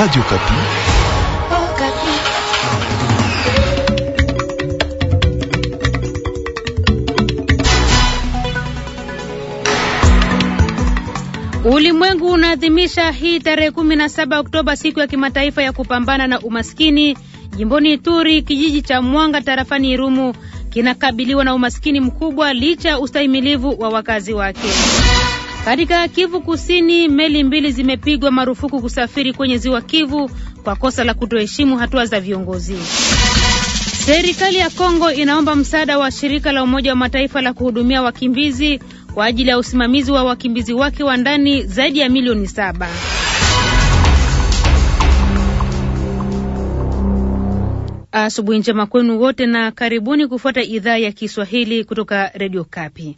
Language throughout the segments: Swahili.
Radio Kapi. Oh, Kapi. Ulimwengu unaadhimisha hii tarehe 17 Oktoba siku ya kimataifa ya kupambana na umaskini. Jimboni Ituri, kijiji cha Mwanga tarafani Irumu kinakabiliwa na umaskini mkubwa licha ya ustahimilivu wa wakazi wake. Katika Kivu Kusini, meli mbili zimepigwa marufuku kusafiri kwenye ziwa Kivu kwa kosa la kutoheshimu hatua za viongozi. Serikali ya Kongo inaomba msaada wa shirika la Umoja wa Mataifa la kuhudumia wakimbizi kwa ajili ya usimamizi wa wakimbizi wake wa ndani zaidi ya milioni saba. Asubuhi njema kwenu wote na karibuni kufuata idhaa ya Kiswahili kutoka Radio Kapi.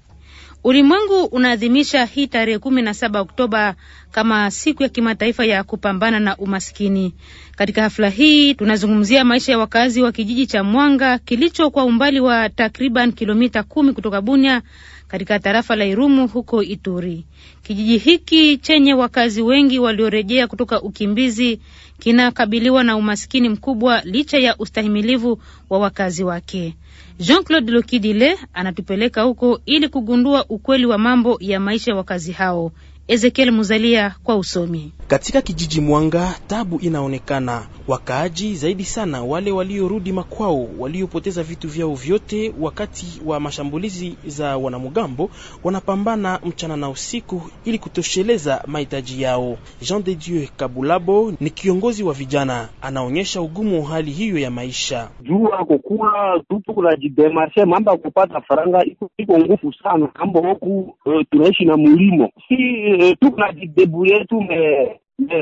Ulimwengu unaadhimisha hii tarehe kumi na saba Oktoba kama siku ya kimataifa ya kupambana na umaskini. Katika hafla hii tunazungumzia maisha ya wakazi wa kijiji cha Mwanga kilicho kwa umbali wa takriban kilomita kumi kutoka Bunya katika tarafa la Irumu huko Ituri. Kijiji hiki chenye wakazi wengi waliorejea kutoka ukimbizi kinakabiliwa na umaskini mkubwa licha ya ustahimilivu wa wakazi wake. Jean-Claude Lokidile anatupeleka huko ili kugundua ukweli wa mambo ya maisha ya wakazi hao. Ezekiel Muzalia kwa usomi. Katika kijiji Mwanga tabu inaonekana, wakaaji zaidi sana wale waliorudi makwao, waliopoteza vitu vyao vyote wakati wa mashambulizi za wanamugambo, wanapambana mchana na usiku ili kutosheleza mahitaji yao. Jean de Dieu Kabulabo ni kiongozi wa vijana, anaonyesha ugumu wa hali hiyo ya maisha. Jua kokula tutu kunajidemarche mambo ya kupata faranga iko ngufu sana kambo huku uh, tunaishi na mulimo si eh, uh, jidebu yetu me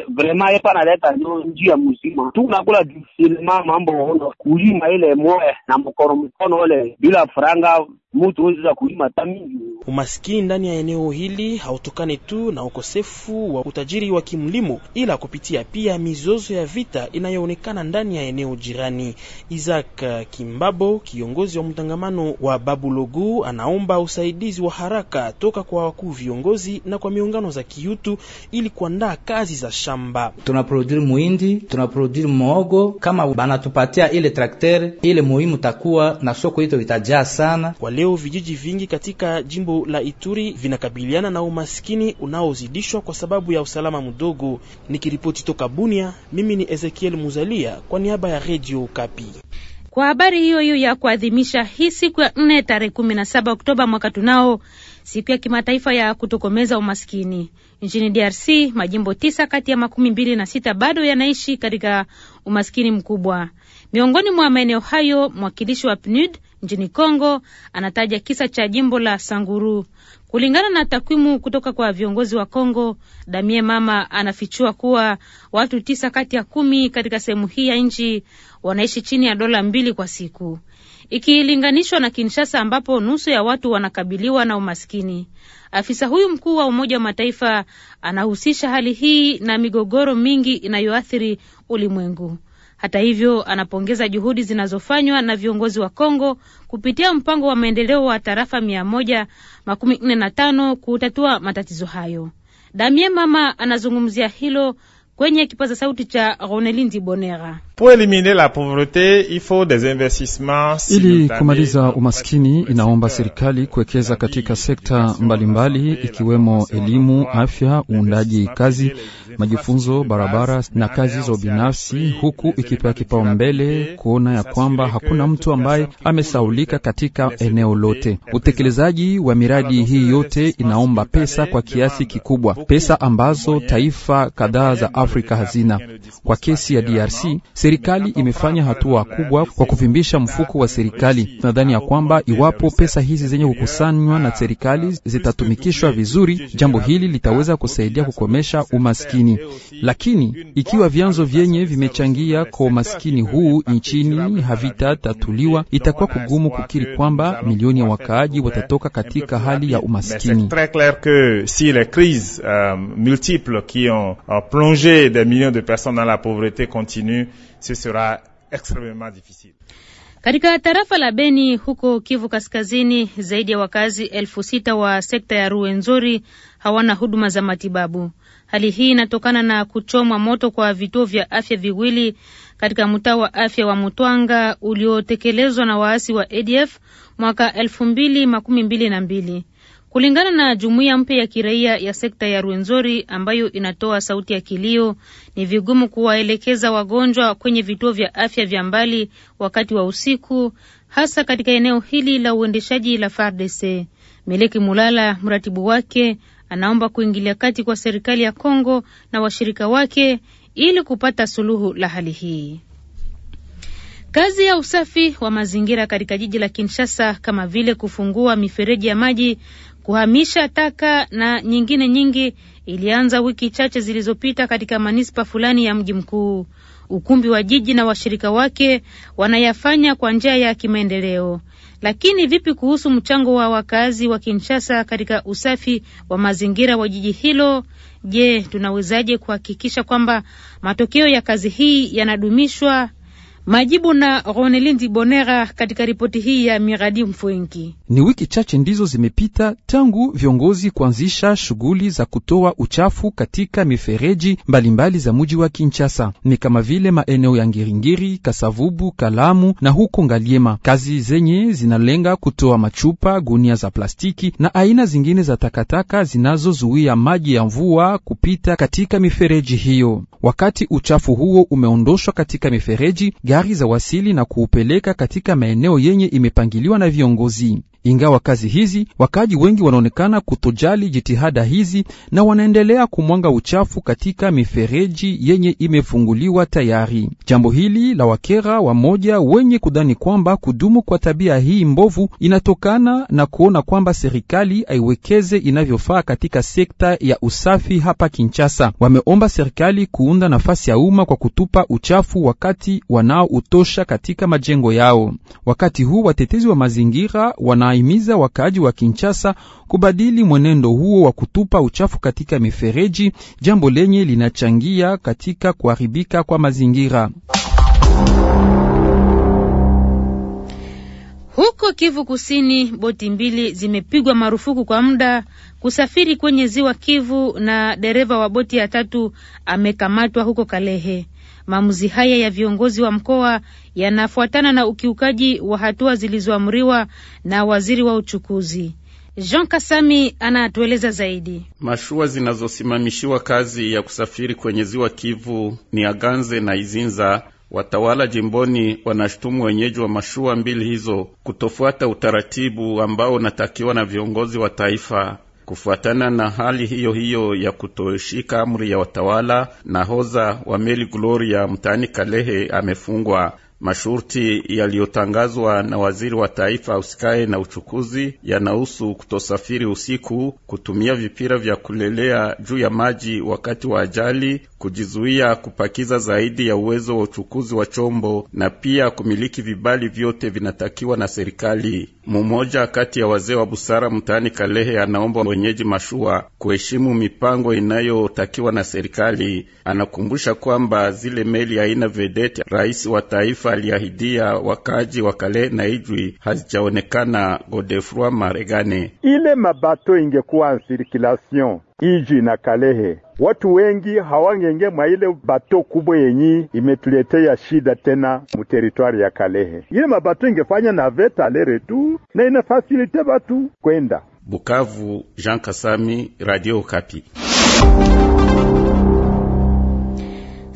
vraiment yepa naleta ndio njia mzima, tunakula disilema mambo kulima ile moya na mkono mkono ile bila franga mutu weza kulima hata mingi. Umaskini ndani ya eneo hili hautokani tu na ukosefu wa utajiri wa kimlimo, ila kupitia pia mizozo ya vita inayoonekana ndani ya eneo jirani. Isaac Kimbabo, kiongozi wa mtangamano wa Babulogu, anaomba usaidizi wa haraka toka kwa wakuu viongozi na kwa miungano za kiutu ili kuandaa kazi za shamba. Tunaproduire muindi, tunaproduire moogo, kama banatupatia ile trakter ile muhimu, takuwa na soko ito itajaa sana kwa Leo vijiji vingi katika jimbo la Ituri vinakabiliana na umaskini unaozidishwa kwa sababu ya usalama mdogo. Nikiripoti toka Bunia, mimi ni Ezekiel Muzalia kwa niaba ya Radio Kapi. Kwa habari hiyo hiyo ya kuadhimisha hii siku ya nne tarehe kumi na saba Oktoba mwaka tunao siku ya kimataifa ya kutokomeza umaskini nchini DRC, majimbo tisa kati ya makumi mbili na sita bado yanaishi katika umaskini mkubwa. Miongoni mwa maeneo hayo mwakilishi wa PNUD nchini Kongo, anataja kisa cha jimbo la Sanguru. Kulingana na takwimu kutoka kwa viongozi wa Kongo, Damie Mama anafichua kuwa watu tisa kati ya kumi katika sehemu hii ya nchi wanaishi chini ya dola mbili kwa siku ikilinganishwa na Kinshasa ambapo nusu ya watu wanakabiliwa na umaskini. Afisa huyu mkuu wa Umoja wa Mataifa anahusisha hali hii na migogoro mingi inayoathiri ulimwengu. Hata hivyo, anapongeza juhudi zinazofanywa na viongozi wa Kongo kupitia mpango wa maendeleo wa tarafa mia moja makumi nne na tano kutatua matatizo hayo. Damie Mama anazungumzia hilo kwenye kipaza sauti cha Ronelindi Bonera. Ili kumaliza umaskini inaomba serikali kuwekeza katika sekta mbalimbali mbali, ikiwemo elimu, afya, uundaji kazi, majifunzo, barabara na kazi za ubinafsi, huku ikipea kipaumbele kuona ya kwamba hakuna mtu ambaye amesaulika katika eneo lote. Utekelezaji wa miradi hii yote inaomba pesa kwa kiasi kikubwa, pesa ambazo taifa kadhaa za Afrika Afrika hazina. Kwa kesi ya DRC, serikali imefanya hatua kubwa kwa kuvimbisha mfuko wa serikali. Nadhani ya kwamba iwapo pesa hizi zenye kukusanywa na serikali zitatumikishwa vizuri, jambo hili litaweza kusaidia kukomesha umaskini. Lakini ikiwa vyanzo vyenye vimechangia kwa umaskini huu nchini havitatatuliwa, itakuwa kugumu kukiri kwamba milioni ya wakaaji watatoka katika hali ya umaskini jeter des millions de personnes dans la pauvreté continue, ce sera extrêmement difficile. Katika tarafa la Beni huko Kivu Kaskazini, zaidi ya wakazi elfu sita wa sekta ya Ruwenzori hawana huduma za matibabu. Hali hii inatokana na kuchomwa moto kwa vituo vya afya viwili katika mtaa wa afya wa Mutwanga uliotekelezwa na waasi wa ADF mwaka elfu mbili makumi mbili na mbili. Kulingana na jumuiya mpya ya kiraia ya sekta ya Rwenzori ambayo inatoa sauti ya kilio, ni vigumu kuwaelekeza wagonjwa kwenye vituo vya afya vya mbali wakati wa usiku, hasa katika eneo hili la uendeshaji la FARDC. Meleki Mulala, mratibu wake, anaomba kuingilia kati kwa serikali ya Kongo na washirika wake ili kupata suluhu la hali hii. Kazi ya usafi wa mazingira katika jiji la Kinshasa kama vile kufungua mifereji ya maji, kuhamisha taka na nyingine nyingi ilianza wiki chache zilizopita katika manispa fulani ya mji mkuu. Ukumbi wa jiji na washirika wake wanayafanya kwa njia ya kimaendeleo. Lakini vipi kuhusu mchango wa wakazi wa Kinshasa katika usafi wa mazingira wa jiji hilo? Je, tunawezaje kuhakikisha kwamba matokeo ya kazi hii yanadumishwa? Majibu na Ronelindi Bonera katika ripoti hii ya miradi Mfwenki. Ni wiki chache ndizo zimepita tangu viongozi kuanzisha shughuli za kutoa uchafu katika mifereji mbalimbali mbali za muji wa Kinshasa, ni kama vile maeneo ya Ngiringiri, Kasavubu, Kalamu na huko Ngaliema, kazi zenye zinalenga kutoa machupa, gunia za plastiki na aina zingine za takataka zinazozuia maji ya mvua kupita katika mifereji hiyo. Wakati uchafu huo umeondoshwa katika mifereji gari za wasili na kuupeleka katika maeneo yenye imepangiliwa na viongozi. Ingawa kazi hizi, wakaaji wengi wanaonekana kutojali jitihada hizi na wanaendelea kumwanga uchafu katika mifereji yenye imefunguliwa tayari. Jambo hili la wakera wamoja wenye kudhani kwamba kudumu kwa tabia hii mbovu inatokana na kuona kwamba serikali haiwekeze inavyofaa katika sekta ya usafi hapa Kinshasa. Wameomba serikali kuunda nafasi ya umma kwa kutupa uchafu wakati wanaoutosha katika majengo yao. Wakati huu watetezi wa mazingira wana anahimiza wakaaji wa Kinshasa kubadili mwenendo huo wa kutupa uchafu katika mifereji, jambo lenye linachangia katika kuharibika kwa mazingira. Huko Kivu Kusini, boti mbili zimepigwa marufuku kwa muda kusafiri kwenye ziwa Kivu, na dereva wa boti ya tatu amekamatwa huko Kalehe. Maamuzi haya ya viongozi wa mkoa yanafuatana na ukiukaji wa hatua zilizoamriwa na waziri wa uchukuzi. Jean Kasami anatueleza zaidi. Mashua zinazosimamishiwa kazi ya kusafiri kwenye ziwa Kivu ni Aganze na Izinza. Watawala jimboni wanashutumu wenyeji wa mashua mbili hizo kutofuata utaratibu ambao unatakiwa na viongozi wa taifa. Kufuatana na hali hiyo hiyo ya kutoshika amri ya watawala, nahodha wa meli Gloria mtaani Kalehe amefungwa. Masharti yaliyotangazwa na waziri wa taifa ausikae na uchukuzi yanahusu kutosafiri usiku, kutumia vipira vya kulelea juu ya maji wakati wa ajali, kujizuia kupakiza zaidi ya uwezo wa uchukuzi wa chombo na pia kumiliki vibali vyote vinatakiwa na serikali. Mmoja kati ya wazee wa busara mtaani Kalehe anaomba wenyeji mashua kuheshimu mipango inayotakiwa na serikali. Anakumbusha kwamba zile meli aina vedete rais wa taifa taifa aliahidia wakaji wa Kale na Ijwi hazijaonekana. Godefroi Maregane, ile mabato ingekuwa en circulation Ijwi na Kalehe, watu wengi hawangenge mwa ile bato kubwa yenyi imetuletea shida tena muteritwari ya Kalehe. Ile mabato ingefanya veta lere tu na inafasilite batu kwenda Bukavu. Jean Kasami, Radio Kapi.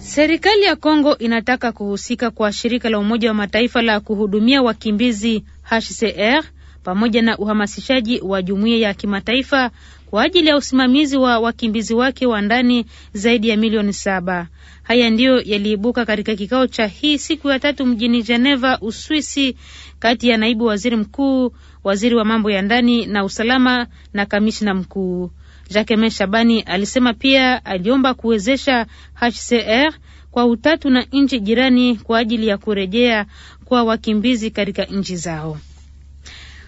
Serikali ya Kongo inataka kuhusika kwa shirika la Umoja wa Mataifa la kuhudumia wakimbizi HCR pamoja na uhamasishaji wa jumuiya ya kimataifa kwa ajili ya usimamizi wa wakimbizi wake wa ndani zaidi ya milioni saba. Haya ndiyo yaliibuka katika kikao cha hii siku ya tatu mjini Geneva, Uswisi, kati ya naibu waziri mkuu waziri wa mambo ya ndani na usalama na kamishna mkuu. Jacquemain Shabani alisema pia aliomba kuwezesha HCR kwa utatu na nchi jirani kwa ajili ya kurejea kwa wakimbizi katika nchi zao.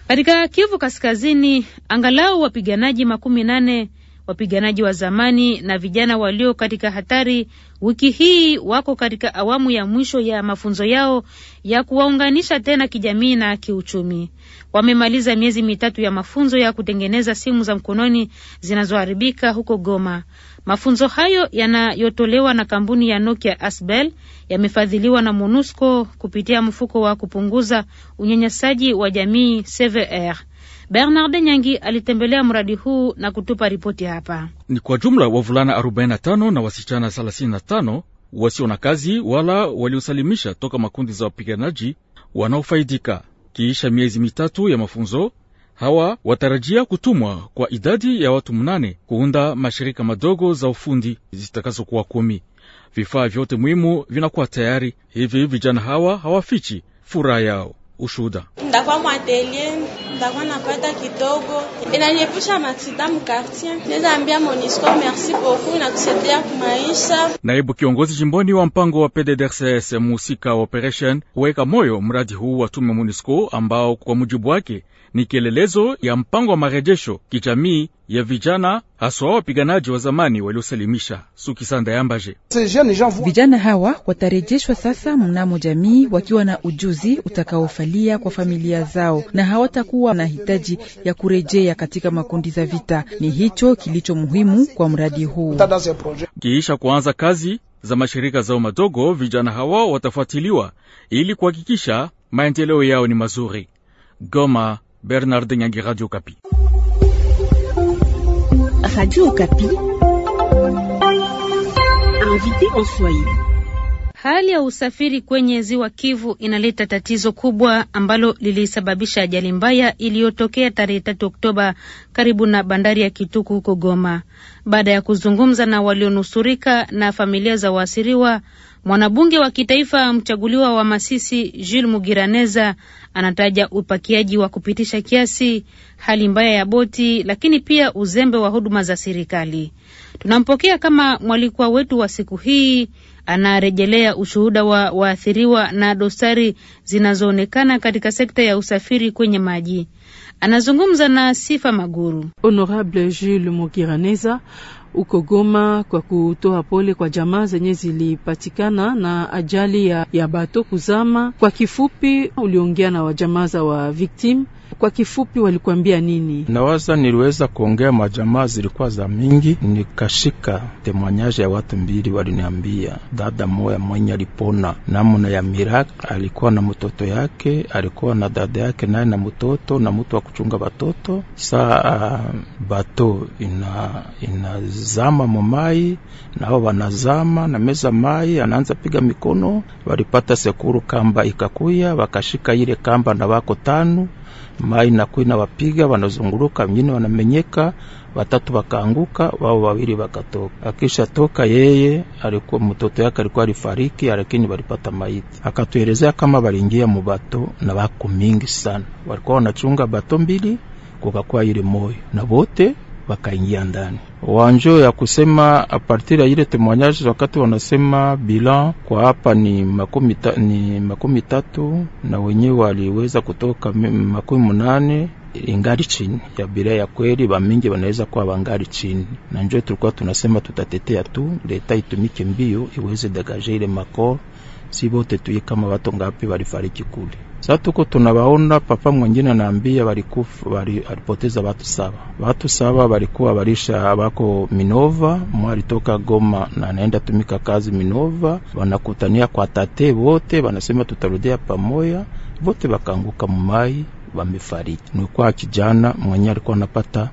Katika Kivu Kaskazini, angalau wapiganaji makumi nane wapiganaji wa zamani na vijana walio katika hatari wiki hii wako katika awamu ya mwisho ya mafunzo yao ya kuwaunganisha tena kijamii na kiuchumi. Wamemaliza miezi mitatu ya mafunzo ya kutengeneza simu za mkononi zinazoharibika huko Goma. Mafunzo hayo yanayotolewa na kampuni ya Nokia Asbel yamefadhiliwa na MONUSCO kupitia mfuko wa kupunguza unyanyasaji wa jamii CVR. Bernard Nyangi alitembelea mradi huu na kutupa ripoti hapa. Ni kwa jumla wavulana 45 na wasichana 35 wasio na kazi wala waliosalimisha toka makundi za wapiganaji wanaofaidika. Kiisha miezi mitatu ya mafunzo, hawa watarajia kutumwa kwa idadi ya watu mnane kuunda mashirika madogo za ufundi zitakazokuwa kumi. Vifaa vyote muhimu vinakuwa tayari. Hivi vijana hawa hawafichi furaha yao ushuda ndakuwa mwatelier ndakuwa napata kidogo, inaniepusha maksida mkartier. Naweza ambia Monisco merci beaucoup na inatusaidia kumaisha. Naibu kiongozi jimboni wa mpango wa PDDRCS muhusika wa operation kuweka moyo mradi huu wa tume Monisco ambao kwa mujibu wake ni kielelezo ya mpango wa marejesho kijamii ya vijana haswa wapiganaji wa zamani waliosalimisha sukisanda yambaje. Vijana hawa watarejeshwa sasa mnamo jamii wakiwa na ujuzi utakaofa watasalia kwa familia zao na hawatakuwa na hitaji ya kurejea katika makundi za vita. Ni hicho kilicho muhimu kwa mradi huu. Kiisha kuanza kazi za mashirika zao madogo, vijana hawa watafuatiliwa ili kuhakikisha maendeleo yao ni mazuri. Goma, Bernard Nyangi, Radio Kapi. Radio Kapi. Invité en Swahili. Hali ya usafiri kwenye ziwa Kivu inaleta tatizo kubwa ambalo lilisababisha ajali mbaya iliyotokea tarehe tatu Oktoba karibu na bandari ya Kituku huko Goma. Baada ya kuzungumza na walionusurika na familia za waasiriwa, Mwanabunge wa kitaifa mchaguliwa wa Masisi Jules Mugiraneza anataja upakiaji wa kupitisha kiasi, hali mbaya ya boti, lakini pia uzembe wa huduma za serikali. Tunampokea kama mwalikwa wetu wa siku hii, anarejelea ushuhuda wa waathiriwa na dosari zinazoonekana katika sekta ya usafiri kwenye maji. Anazungumza na Sifa Maguru. Honorable Jules Mugiraneza huko Goma kwa kutoa pole kwa jamaa zenye zilipatikana na ajali ya, ya bato kuzama. Kwa kifupi, uliongea na wajamaa za wa victim kwa kifupi, walikuambia nini? Nawaza niliweza kuongea majamaa zilikuwa za mingi, nikashika temwanyaje ya watu mbili, waliniambia dada moya mwenye alipona namna ya mirak alikuwa na mtoto yake, alikuwa na dada yake naye na mtoto na mtu wa kuchunga watoto. Saa ah, bato ina inazama momai, nao wanazama na meza mai, anaanza piga mikono, walipata sekuru kamba ikakuya, wakashika ile kamba na wako tano mai naku wapiga wanazunguruka, wengine wanamenyeka, watatu wakaanguka, wao wawili wakatoka. Akisha toka yeye alikuwa mtoto yake alikuwa alifariki, lakini walipata maiti. Akatuelezea kama waliingia mubato na wako mingi sana, walikuwa wanachunga bato mbili, kukakuwa ile moyo na wote bakaingia ndani wanjo ya kusema apartir ya ile temoignage, wakati wanasema bilan kwa hapa ni makumi, ta, ni makumi tatu na wenyewe waliweza kutoka makumi munane ingari chini ya bila ya kweli, bamingi wanaweza kuwa wangari chini, na njoo tulikuwa tunasema tutatetea tu leta itumike mbio iweze degaje ile makoo si tuye kama watu ngapi walifariki kule. Sasa tuko tunabaona papa mwengine anaambia walikufa wali, alipoteza watu saba. Watu saba walikuwa walisha bako Minova, mwali toka Goma na anaenda tumika kazi Minova, wanakutania kwa tate wote, wanasema tutarudia pamoja, wote wakaanguka mumai, wamefariki. Nilikuwa kijana mwenye alikuwa anapata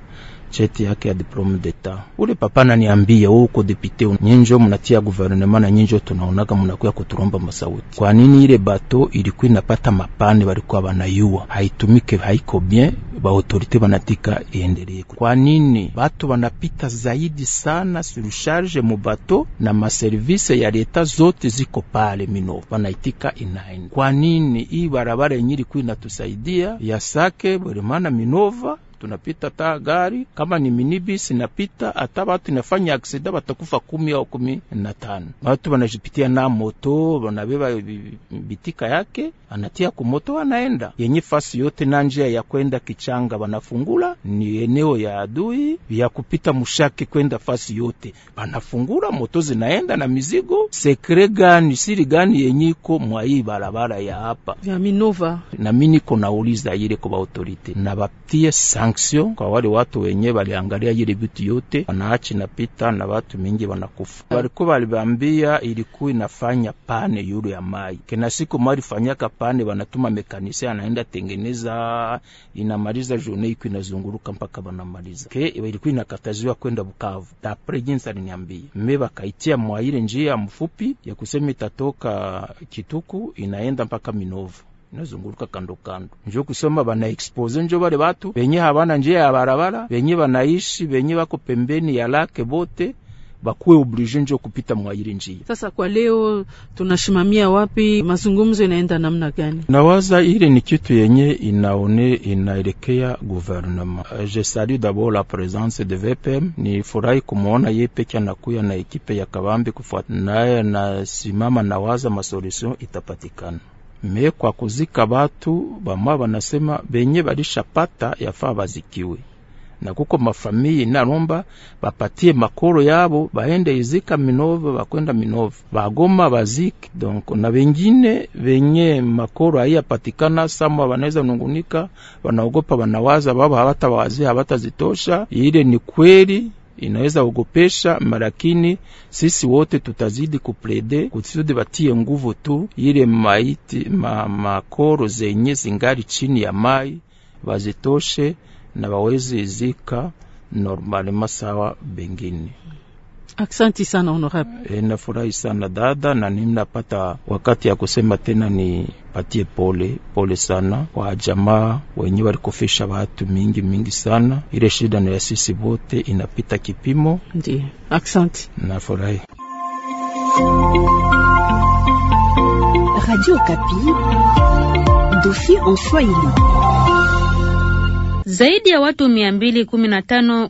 cheti yake ya diplome d'etat. Ule papa naniambia uko depute nyinjo mnatia guvernema na nyenjo tunaonaga mnakuya kuturomba masauti. Kwa nini ile bato ilikuwa inapata mapane walikuwa wanayua haitumike haiko bien, ba autorite banatika iendelee. Kwa nini bato banapita zaidi sana charge mu bato na service ya leta zote ziko pale mino banaitika inaenda. Kwa nini hii barabara yenye ilikuwa inatusaidia ya Sake Bweremana Minova tunapita ta gari kama ni minibus inapita, hata batu inafanya aksida batakufa kumi au kumi na tano. Batu banajipitia na moto banabeba bitika yake anatia kumoto anaenda yenye fasi yote na njia ya kwenda kichanga banafungula, ni eneo ya adui ya kupita mushake kwenda fasi yote banafungula, moto zinaenda na mizigo. Sekre gani siri gani yenyiko mwai barabara ya hapa ya Minova, na mimi niko nauliza ile kwa autorite na baptie sang sanction kwa wale watu wenye waliangalia ile vitu yote, wanaachi na pita na watu mingi wanakufa. Walikuwa walibambia ilikuwa inafanya pane yulu ya mai kena siku mari fanyaka pane, wanatuma mekanisi anaenda tengeneza, inamaliza jone iko inazunguruka mpaka wanamaliza. Ke ilikuwa inakataziwa kwenda Bukavu, dapre jinsi aliniambia mimi, bakaitia mwa njia mfupi ya kusema itatoka Kituku inaenda mpaka Minovu nazunguruka kando kando. Njo kusema bana expose njo bale batu benye habana njia ya barabara, benye banaishi, benye bako pembeni ya lake, bote bakuwe oblige njo kupita mwa ile njia. Sasa kwa leo tunashimamia wapi? Mazungumzo inaenda namna gani? Nawaza ile ni kitu yenye inaone inaelekea gouvernement. Euh, je salue d'abord la présence de VPM, ni furahi kumuona yeye peke anakuya na ekipe ya Kabambi kufuata naye na simama, nawaza masolution itapatikana me kwa kuzika batu bamwa banasema benye barishapata yafaa bazikiwe na kuko mafamiyi naromba bapatiye makoro yabo baende izika Minova, bakwenda Minova, bagoma bazike donc, na bengine benye makoro patikana samu banaweza nungunika, banaogopa banawaza babo habata zitosha Ile ni kweli inaweza ogopesha, malakini sisi wote tutazidi kuplede kusudi batie nguvu tu ile maiti ma, makoro zenye zingali chini ya mai bazitoshe na bawezi zika normalema sawa bengine. Aksanti sana honorable. E, nafurahi sana dada, na ninapata wakati ya kusema tena ni patie pole pole sana kwa jamaa wenye walikufisha watu mingi mingi sana. Ile shida ni ya sisi wote, inapita kipimo. Ndiyo, aksanti. Nafurahi. Radio Kapi, dofi en Swahili. Zaidi ya watu mia mbili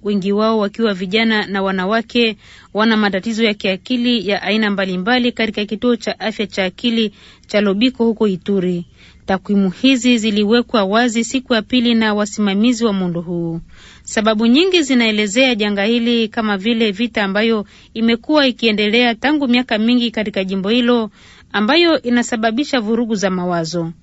wengi wao wakiwa vijana na wanawake, wana matatizo ya kiakili ya aina mbalimbali katika kituo cha afya cha akili cha Lobiko huko Ituri. Takwimu hizi ziliwekwa wazi siku ya pili na wasimamizi wa muundo huu. Sababu nyingi zinaelezea janga hili kama vile vita ambayo imekuwa ikiendelea tangu miaka mingi katika jimbo hilo ambayo inasababisha vurugu za mawazo.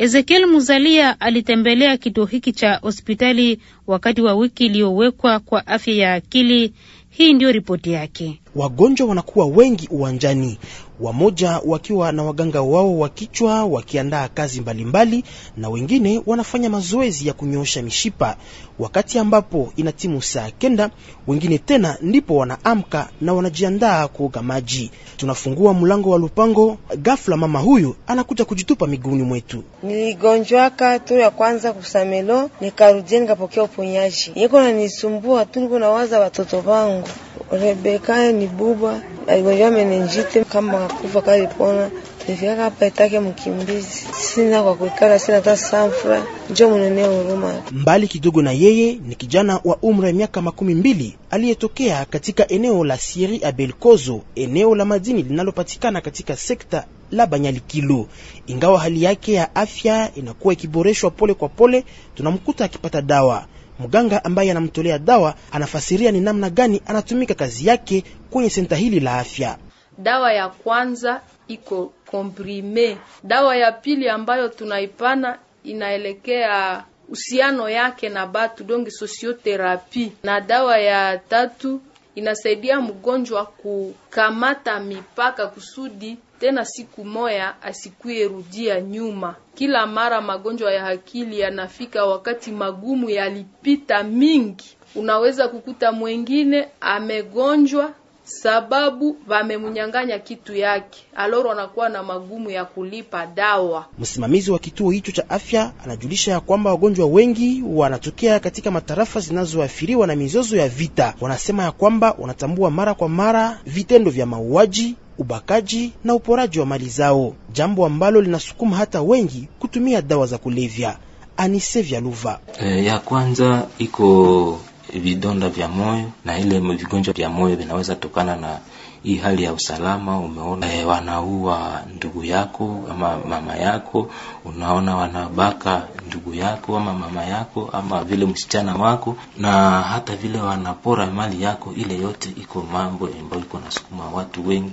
Ezekiel Muzalia alitembelea kituo hiki cha hospitali wakati wa wiki iliyowekwa kwa afya ya akili. Hii ndiyo ripoti yake. Wagonjwa wanakuwa wengi uwanjani, wamoja wakiwa na waganga wao wa kichwa wakiandaa kazi mbalimbali mbali, na wengine wanafanya mazoezi ya kunyoosha mishipa. Wakati ambapo ina timu saa kenda, wengine tena ndipo wanaamka na wanajiandaa kuoga maji. Tunafungua mlango wa lupango, ghafla mama huyu anakuja kujitupa miguuni mwetu. Niligonjwaka tu ya kwanza kusamelo, nikarudia nikapokea uponyaji, niko nanisumbua tu, niko nawaza watoto wangu Rebeka ni buba aligonjwa menenjite kama akufa kalipona nifiaka hapa itake mkimbizi sina kwa kuikala sina hata samfra njo munene huruma. Mbali kidogo na yeye ni kijana wa umri wa miaka makumi mbili aliyetokea katika eneo la Sieri Abelkozo, eneo la madini linalopatikana katika sekta la Banyalikilu. Ingawa hali yake ya afya inakuwa ikiboreshwa pole kwa pole, tunamkuta akipata dawa Mganga ambaye anamtolea dawa anafasiria ni namna gani anatumika kazi yake kwenye senta hili la afya. Dawa ya kwanza iko komprime, dawa ya pili ambayo tunaipana inaelekea uhusiano yake na batu donge sosioterapi, na dawa ya tatu inasaidia mgonjwa kukamata mipaka kusudi tena siku moya asikuye rudia nyuma. Kila mara magonjwa ya akili yanafika wakati magumu yalipita mingi, unaweza kukuta mwengine amegonjwa sababu vamemnyang'anya kitu yake, aloro anakuwa na magumu ya kulipa dawa. Msimamizi wa kituo hicho cha afya anajulisha ya kwamba wagonjwa wengi wanatokea katika matarafa zinazoathiriwa na mizozo ya vita. Wanasema ya kwamba wanatambua mara kwa mara vitendo vya mauaji, ubakaji na uporaji wa mali zao, jambo ambalo linasukuma hata wengi kutumia dawa za kulevya. Anisevya Luva, e, eh, ya kwanza iko vidonda vya moyo na ile vigonjwa vya moyo vinaweza tokana na hii hali ya usalama. Umeona e, wanaua ndugu yako ama mama yako, unaona wanabaka ndugu yako ama mama yako ama vile msichana wako, na hata vile wanapora mali yako. Ile yote iko mambo ambayo iko nasukuma watu wengi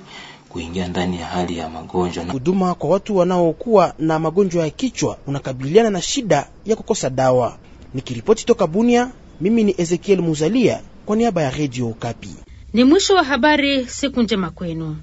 kuingia ndani ya hali ya magonjwa. Huduma kwa watu wanaokuwa na magonjwa ya kichwa unakabiliana na shida ya kukosa dawa. Nikiripoti toka Bunia. Mimi ni Ezekiel Muzalia kwa niaba ya redio Kapi. Ni mwisho wa habari. Siku njema kwenu.